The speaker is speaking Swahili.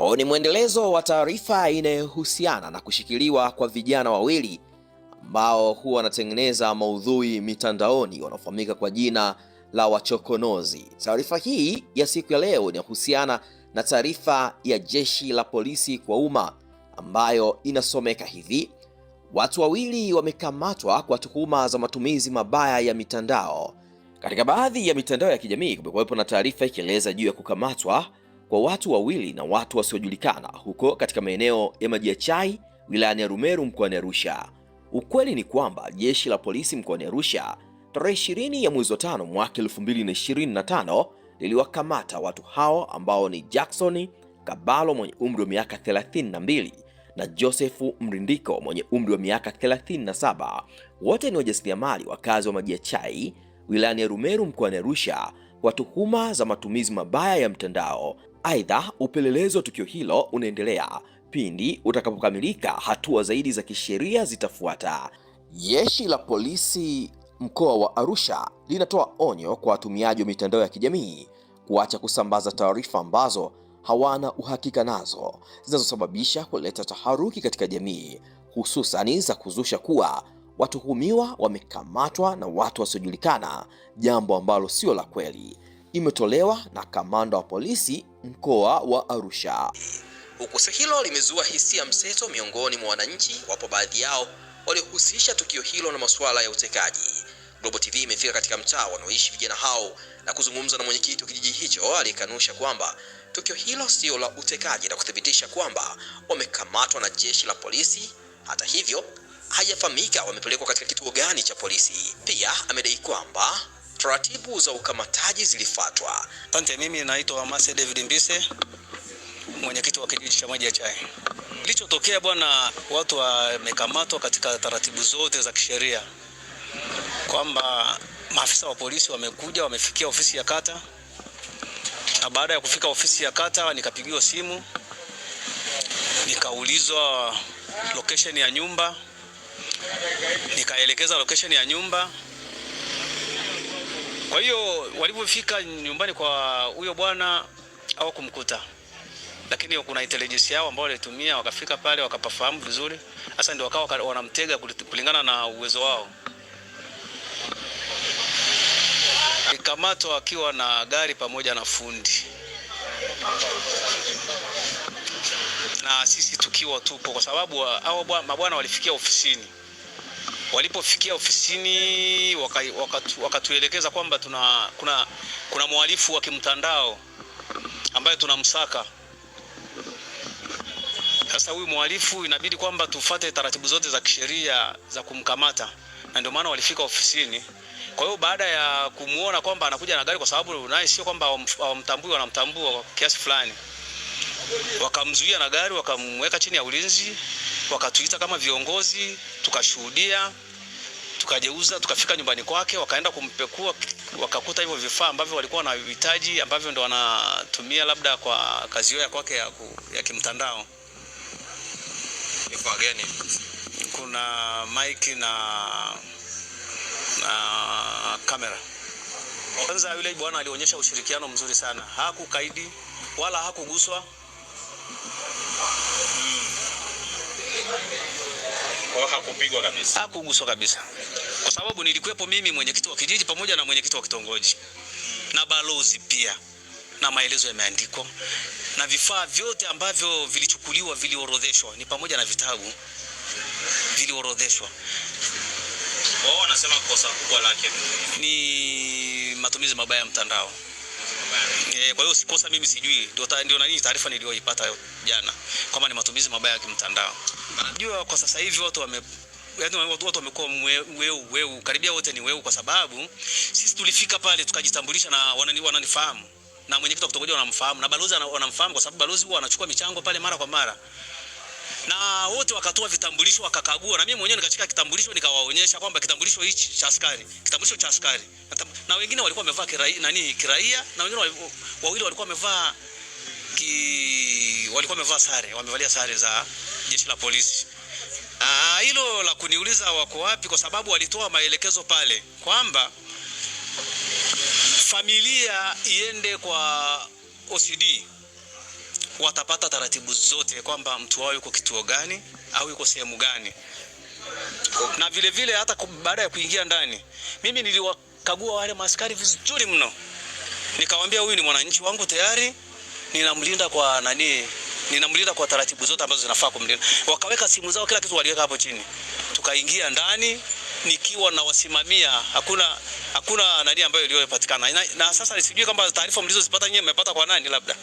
Huu ni mwendelezo wa taarifa inayohusiana na kushikiliwa kwa vijana wawili ambao huwa wanatengeneza maudhui mitandaoni wanaofahamika kwa jina la wachokonozi. Taarifa hii ya siku ya leo inahusiana na taarifa ya Jeshi la Polisi kwa umma ambayo inasomeka hivi: watu wawili wamekamatwa kwa tuhuma za matumizi mabaya ya mitandao. Katika baadhi ya mitandao ya kijamii kumekuwepo na taarifa ikieleza juu ya kukamatwa kwa watu wawili na watu wasiojulikana huko katika maeneo ya Majiachai wilayani ya Rumeru mkoani Arusha. Ukweli ni kwamba jeshi la polisi mkoani Arusha tarehe 20 ya mwezi wa tano mwaka 2025 liliwakamata watu hao ambao ni Jackson Kabalo mwenye umri wa miaka 32 na Joseph Mrindiko mwenye umri wa miaka 37. Wote ni wajasiriamali wakazi wa Majiachai wilayani ya Rumeru mkoani Arusha kwa tuhuma za matumizi mabaya ya mtandao Aidha, upelelezi wa tukio hilo unaendelea. Pindi utakapokamilika, hatua zaidi za kisheria zitafuata. Jeshi la polisi mkoa wa Arusha linatoa onyo kwa watumiaji wa mitandao ya kijamii kuacha kusambaza taarifa ambazo hawana uhakika nazo, zinazosababisha kuleta taharuki katika jamii, hususani za kuzusha kuwa watuhumiwa wamekamatwa na watu wasiojulikana, jambo ambalo sio la kweli imetolewa na kamanda wa polisi mkoa wa Arusha. Ukosa hilo limezua hisia mseto miongoni mwa wananchi, wapo baadhi yao waliohusisha tukio hilo na masuala ya utekaji. Global TV imefika katika mtaa wanaoishi vijana hao na kuzungumza na mwenyekiti wa kijiji hicho aliyekanusha kwamba tukio hilo sio la utekaji na kuthibitisha kwamba wamekamatwa na jeshi la polisi. Hata hivyo, haijafahamika wamepelekwa katika kituo gani cha polisi. Pia amedai kwamba taratibu za ukamataji zilifuatwa. Asante. Mimi naitwa Mase David Mbise, mwenyekiti wa kijiji cha Maji ya Chai. Kilichotokea bwana, watu wamekamatwa katika taratibu zote za kisheria, kwamba maafisa wa polisi wamekuja, wamefikia ofisi ya kata, na baada ya kufika ofisi ya kata nikapigiwa simu, nikaulizwa location ya nyumba, nikaelekeza location ya nyumba kwa hiyo walipofika nyumbani kwa huyo bwana hawakumkuta, lakini kuna intelligence yao ambao walitumia, wakafika pale wakapafahamu vizuri. Sasa ndio wakawa wanamtega kulingana na uwezo wao. Alikamatwa akiwa na gari pamoja na fundi na sisi tukiwa tupo, kwa sababu hao mabwana walifikia ofisini. Walipofikia ofisini wakatuelekeza waka kwamba tuna, kuna, kuna mhalifu wa kimtandao ambaye tunamsaka. Sasa huyu mhalifu inabidi kwamba tufate taratibu zote za kisheria za kumkamata, na ndio maana walifika ofisini. Kwa hiyo baada ya kumuona kwamba anakuja na gari, kwa sababu naye sio kwamba hawamtambui, wanamtambua kwa kiasi fulani, wakamzuia na gari, wakamweka chini ya ulinzi wakatuita kama viongozi, tukashuhudia, tukajeuza, tukafika nyumbani kwake, wakaenda kumpekua, wakakuta hivyo vifaa ambavyo walikuwa na uhitaji ambavyo ndo wanatumia labda kwa kazi yao ya kwake ya, ya kimtandao. Vifaa gani? Kuna maiki na na kamera. Kwanza yule bwana alionyesha ushirikiano mzuri sana, hakukaidi wala hakuguswa Kwa hakupigwa kabisa. Hakuguswa kabisa. Kwa sababu nilikuwepo mimi mwenyekiti wa kijiji pamoja na mwenyekiti wa kitongoji hmm. na balozi pia, na maelezo yameandikwa na vifaa vyote ambavyo vilichukuliwa viliorodheshwa, ni pamoja na vitabu viliorodheshwa. Wao wanasema kosa kubwa lake ni matumizi mabaya ya mtandao. E, kwa hiyo sikosa mimi sijui ndio nani taarifa niliyoipata jana kwamba ni matumizi mabaya ya kimtandao. Najua kwa sasa hivi watu wame yaani watu watu wamekuwa weu weu, karibia wote ni weu, kwa sababu sisi tulifika pale tukajitambulisha na wanani wananifahamu na mwenyekiti wa kitongoji wanamfahamu na balozi wanamfahamu, kwa sababu balozi huwa anachukua michango pale mara kwa mara na wote wakatoa vitambulisho wakakagua, na mimi mwenyewe nikachika kitambulisho nikawaonyesha kwamba kitambulisho hichi cha askari, kitambulisho cha askari, na wengine walikuwa wamevaa kiraia, nani kiraia, na wengine wawili walikuwa wamevaa ki walikuwa wamevaa sare, wamevalia sare za jeshi la polisi. Ah, hilo la kuniuliza wako wapi, kwa sababu walitoa maelekezo pale kwamba familia iende kwa OCD watapata taratibu zote kwamba mtu wao yuko kituo gani au yuko sehemu gani, na vile vile hata baada ya kuingia ndani, mimi niliwakagua wale maaskari vizuri mno, nikamwambia huyu ni mwananchi wangu tayari, ninamlinda kwa nani, ninamlinda kwa taratibu zote ambazo zinafaa kumlinda. Wakaweka simu zao, kila kitu waliweka hapo chini, tukaingia ndani nikiwa nawasimamia, hakuna hakuna nani ambayo iliyopatikana na, na sasa sijui kama taarifa mlizozipata nyinyi mmepata kwa nani labda